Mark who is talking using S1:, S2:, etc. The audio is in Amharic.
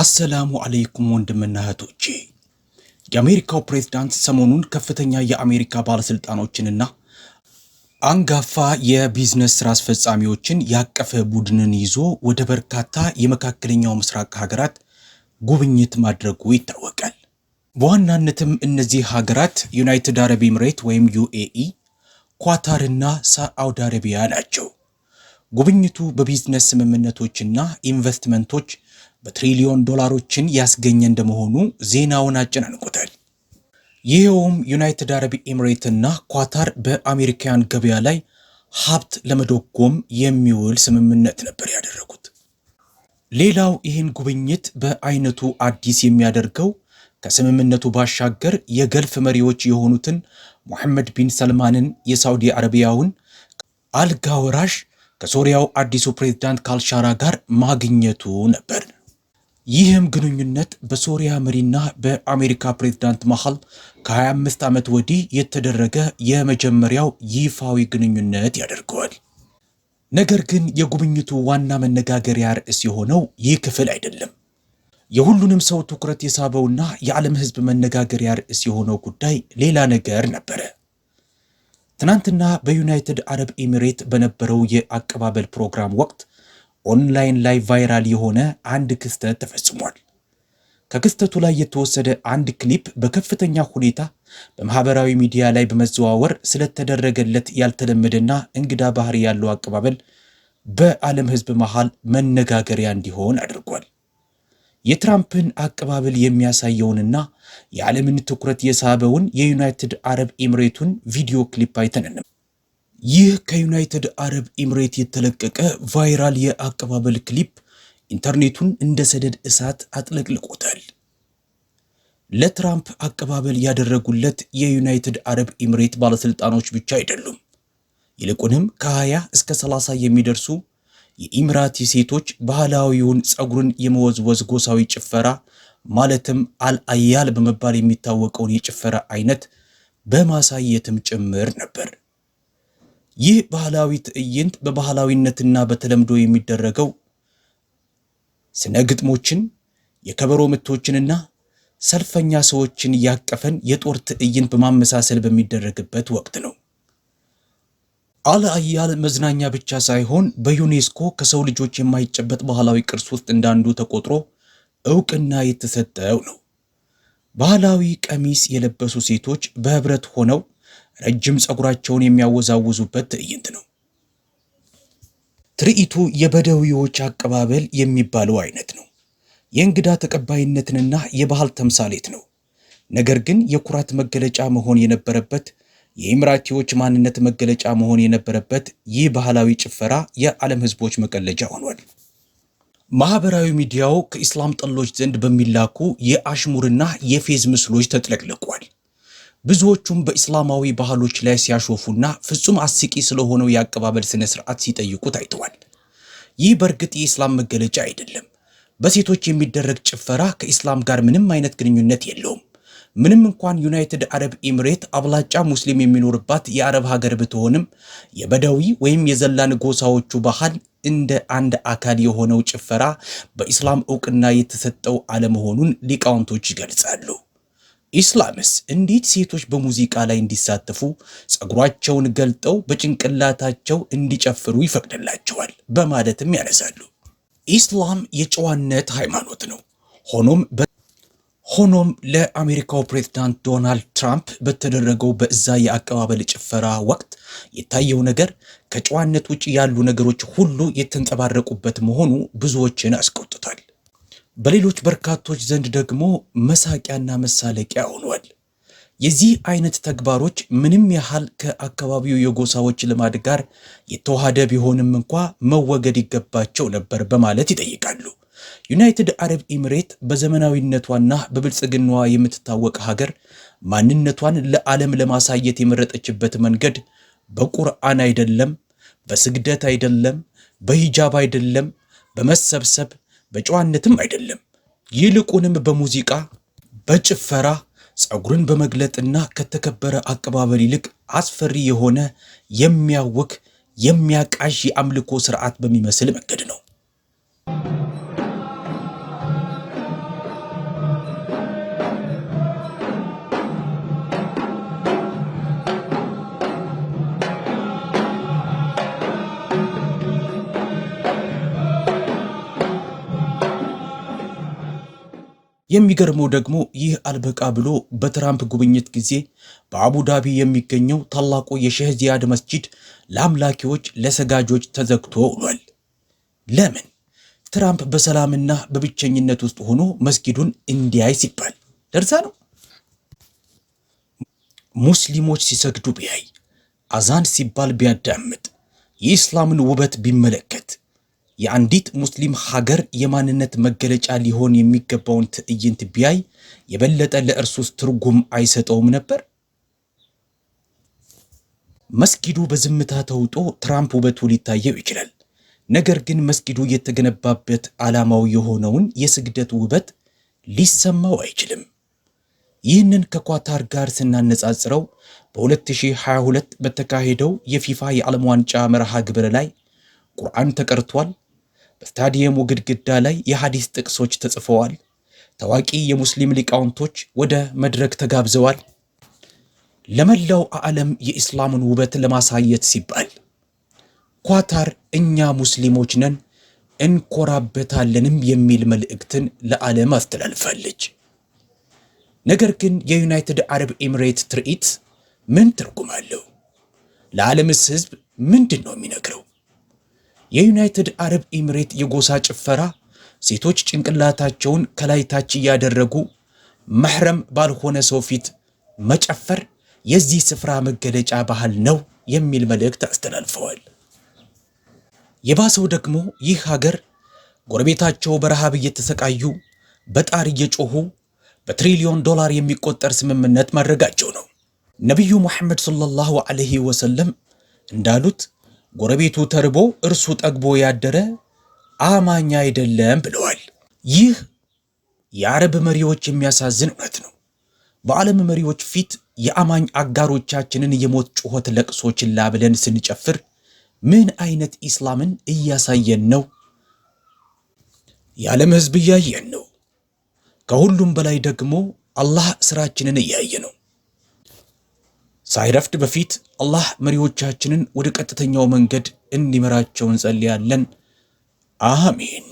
S1: አሰላሙ አለይኩም ወንድምና እህቶቼ። የአሜሪካው ፕሬዝዳንት ሰሞኑን ከፍተኛ የአሜሪካ ባለስልጣኖችንና አንጋፋ የቢዝነስ ስራ አስፈጻሚዎችን ያቀፈ ቡድንን ይዞ ወደ በርካታ የመካከለኛው ምስራቅ ሀገራት ጉብኝት ማድረጉ ይታወቃል። በዋናነትም እነዚህ ሀገራት ዩናይትድ አረብ ኤምሬት ወይም ዩኤኢ፣ ኳታርና ሳዑዲ አረቢያ ናቸው። ጉብኝቱ በቢዝነስ ስምምነቶችና ኢንቨስትመንቶች በትሪሊዮን ዶላሮችን ያስገኘ እንደመሆኑ ዜናውን አጨናንቆታል። ይኸውም ዩናይትድ አረብ ኤምሬትና ኳታር በአሜሪካውያን ገበያ ላይ ሀብት ለመደጎም የሚውል ስምምነት ነበር ያደረጉት። ሌላው ይህን ጉብኝት በአይነቱ አዲስ የሚያደርገው ከስምምነቱ ባሻገር የገልፍ መሪዎች የሆኑትን ሙሐመድ ቢን ሰልማንን የሳውዲ አረቢያውን አልጋ ወራሽ ከሶሪያው አዲሱ ፕሬዝዳንት ካልሻራ ጋር ማግኘቱ ነበር። ይህም ግንኙነት በሶሪያ መሪና በአሜሪካ ፕሬዝዳንት መሃል ከ25 ዓመት ወዲህ የተደረገ የመጀመሪያው ይፋዊ ግንኙነት ያደርገዋል። ነገር ግን የጉብኝቱ ዋና መነጋገሪያ ርዕስ የሆነው ይህ ክፍል አይደለም። የሁሉንም ሰው ትኩረት የሳበውና የዓለም ሕዝብ መነጋገሪያ ርዕስ የሆነው ጉዳይ ሌላ ነገር ነበረ። ትናንትና በዩናይትድ አረብ ኤሚሬት በነበረው የአቀባበል ፕሮግራም ወቅት ኦንላይን ላይ ቫይራል የሆነ አንድ ክስተት ተፈጽሟል። ከክስተቱ ላይ የተወሰደ አንድ ክሊፕ በከፍተኛ ሁኔታ በማህበራዊ ሚዲያ ላይ በመዘዋወር ስለተደረገለት ያልተለመደና እንግዳ ባህሪ ያለው አቀባበል በዓለም ሕዝብ መሃል መነጋገሪያ እንዲሆን አድርጓል። የትራምፕን አቀባበል የሚያሳየውንና የዓለምን ትኩረት የሳበውን የዩናይትድ አረብ ኤምሬቱን ቪዲዮ ክሊፕ አይተንንም። ይህ ከዩናይትድ አረብ ኤምሬት የተለቀቀ ቫይራል የአቀባበል ክሊፕ ኢንተርኔቱን እንደ ሰደድ እሳት አጥለቅልቆታል። ለትራምፕ አቀባበል ያደረጉለት የዩናይትድ አረብ ኤምሬት ባለሥልጣኖች ብቻ አይደሉም። ይልቁንም ከ20 እስከ 30 የሚደርሱ የኢምራቲ ሴቶች ባህላዊውን ጸጉርን የመወዝወዝ ጎሳዊ ጭፈራ ማለትም አልአያል በመባል የሚታወቀውን የጭፈራ አይነት በማሳየትም ጭምር ነበር። ይህ ባህላዊ ትዕይንት በባህላዊነትና በተለምዶ የሚደረገው ስነ ግጥሞችን፣ የከበሮ ምቶችንና ሰልፈኛ ሰዎችን ያቀፈን የጦር ትዕይንት በማመሳሰል በሚደረግበት ወቅት ነው። አል አያል መዝናኛ ብቻ ሳይሆን በዩኔስኮ ከሰው ልጆች የማይጨበጥ ባህላዊ ቅርስ ውስጥ እንዳንዱ ተቆጥሮ እውቅና የተሰጠው ነው። ባህላዊ ቀሚስ የለበሱ ሴቶች በህብረት ሆነው ረጅም ፀጉራቸውን የሚያወዛውዙበት ትዕይንት ነው። ትርኢቱ የበደዊዎች አቀባበል የሚባለው አይነት ነው። የእንግዳ ተቀባይነትንና የባህል ተምሳሌት ነው። ነገር ግን የኩራት መገለጫ መሆን የነበረበት የኢምራቲዎች ማንነት መገለጫ መሆን የነበረበት ይህ ባህላዊ ጭፈራ የዓለም ሕዝቦች መቀለጃ ሆኗል። ማህበራዊ ሚዲያው ከኢስላም ጠሎች ዘንድ በሚላኩ የአሽሙርና የፌዝ ምስሎች ተጥለቅልቋል። ብዙዎቹም በኢስላማዊ ባህሎች ላይ ሲያሾፉና ፍጹም አስቂ ስለሆነው የአቀባበል ስነ ስርዓት ሲጠይቁ ታይተዋል። ይህ በእርግጥ የኢስላም መገለጫ አይደለም። በሴቶች የሚደረግ ጭፈራ ከኢስላም ጋር ምንም አይነት ግንኙነት የለውም። ምንም እንኳን ዩናይትድ አረብ ኤምሬት አብላጫ ሙስሊም የሚኖርባት የአረብ ሀገር ብትሆንም የበደዊ ወይም የዘላን ጎሳዎቹ ባህል እንደ አንድ አካል የሆነው ጭፈራ በኢስላም እውቅና የተሰጠው አለመሆኑን ሊቃውንቶች ይገልጻሉ። ኢስላምስ እንዴት ሴቶች በሙዚቃ ላይ እንዲሳተፉ ጸጉራቸውን ገልጠው በጭንቅላታቸው እንዲጨፍሩ ይፈቅድላቸዋል? በማለትም ያነሳሉ። ኢስላም የጨዋነት ሃይማኖት ነው። ሆኖም ሆኖም ለአሜሪካው ፕሬዝዳንት ዶናልድ ትራምፕ በተደረገው በዛ የአቀባበል ጭፈራ ወቅት የታየው ነገር ከጨዋነት ውጭ ያሉ ነገሮች ሁሉ የተንጸባረቁበት መሆኑ ብዙዎችን አስቆጥቷል። በሌሎች በርካቶች ዘንድ ደግሞ መሳቂያና መሳለቂያ ሆኗል። የዚህ አይነት ተግባሮች ምንም ያህል ከአካባቢው የጎሳዎች ልማድ ጋር የተዋሃደ ቢሆንም እንኳ መወገድ ይገባቸው ነበር በማለት ይጠይቃሉ። ዩናይትድ አረብ ኤምሬት በዘመናዊነቷና በብልጽግናዋ የምትታወቅ ሀገር ማንነቷን ለዓለም ለማሳየት የመረጠችበት መንገድ በቁርአን አይደለም፣ በስግደት አይደለም፣ በሂጃብ አይደለም፣ በመሰብሰብ በጨዋነትም አይደለም። ይልቁንም በሙዚቃ በጭፈራ ጸጉርን በመግለጥና ከተከበረ አቀባበል ይልቅ አስፈሪ የሆነ የሚያውክ የሚያቃዥ የአምልኮ ስርዓት በሚመስል መንገድ ነው። የሚገርመው ደግሞ ይህ አልበቃ ብሎ በትራምፕ ጉብኝት ጊዜ በአቡዳቢ የሚገኘው ታላቁ የሼህ ዚያድ መስጂድ ለአምላኪዎች ለሰጋጆች ተዘግቶ ውሏል። ለምን? ትራምፕ በሰላምና በብቸኝነት ውስጥ ሆኖ መስጊዱን እንዲያይ ሲባል ደርሳ ነው። ሙስሊሞች ሲሰግዱ ቢያይ፣ አዛን ሲባል ቢያዳምጥ፣ የኢስላምን ውበት ቢመለከት የአንዲት ሙስሊም ሀገር የማንነት መገለጫ ሊሆን የሚገባውን ትዕይንት ቢያይ የበለጠ ለእርሱስ ትርጉም አይሰጠውም ነበር? መስጊዱ በዝምታ ተውጦ ትራምፕ ውበቱ ሊታየው ይችላል። ነገር ግን መስጊዱ የተገነባበት ዓላማው የሆነውን የስግደት ውበት ሊሰማው አይችልም። ይህንን ከኳታር ጋር ስናነጻጽረው በ2022 በተካሄደው የፊፋ የዓለም ዋንጫ መርሃ ግብር ላይ ቁርአን ተቀርቷል፣ በስታዲየሙ ግድግዳ ላይ የሐዲስ ጥቅሶች ተጽፈዋል። ታዋቂ የሙስሊም ሊቃውንቶች ወደ መድረክ ተጋብዘዋል። ለመላው ዓለም የኢስላምን ውበት ለማሳየት ሲባል ኳታር እኛ ሙስሊሞች ነን እንኮራበታለንም የሚል መልእክትን ለዓለም አስተላልፋለች። ነገር ግን የዩናይትድ አረብ ኤሚሬት ትርኢት ምን ትርጉም አለው? ለዓለምስ ሕዝብ ምንድን ነው የሚነግረው? የዩናይትድ አረብ ኤምሬት የጎሳ ጭፈራ ሴቶች ጭንቅላታቸውን ከላይ ታች እያደረጉ መሕረም ባልሆነ ሰው ፊት መጨፈር የዚህ ስፍራ መገለጫ ባህል ነው የሚል መልእክት አስተላልፈዋል። የባሰው ደግሞ ይህ ሀገር ጎረቤታቸው በረሃብ እየተሰቃዩ በጣር እየጮሁ በትሪሊዮን ዶላር የሚቆጠር ስምምነት ማድረጋቸው ነው። ነቢዩ ሙሐመድ ሰለላሁ ዐለይሂ ወሰለም እንዳሉት ጎረቤቱ ተርቦ እርሱ ጠግቦ ያደረ አማኝ አይደለም ብለዋል። ይህ የአረብ መሪዎች የሚያሳዝን እውነት ነው። በዓለም መሪዎች ፊት የአማኝ አጋሮቻችንን የሞት ጩኸት ለቅሶ ችላ ብለን ስንጨፍር ምን አይነት ኢስላምን እያሳየን ነው? የዓለም ሕዝብ እያየን ነው። ከሁሉም በላይ ደግሞ አላህ ስራችንን እያየ ነው። ሳይረፍድ በፊት አላህ መሪዎቻችንን ወደ ቀጥተኛው መንገድ እንዲመራቸው እንጸልያለን። አሚን።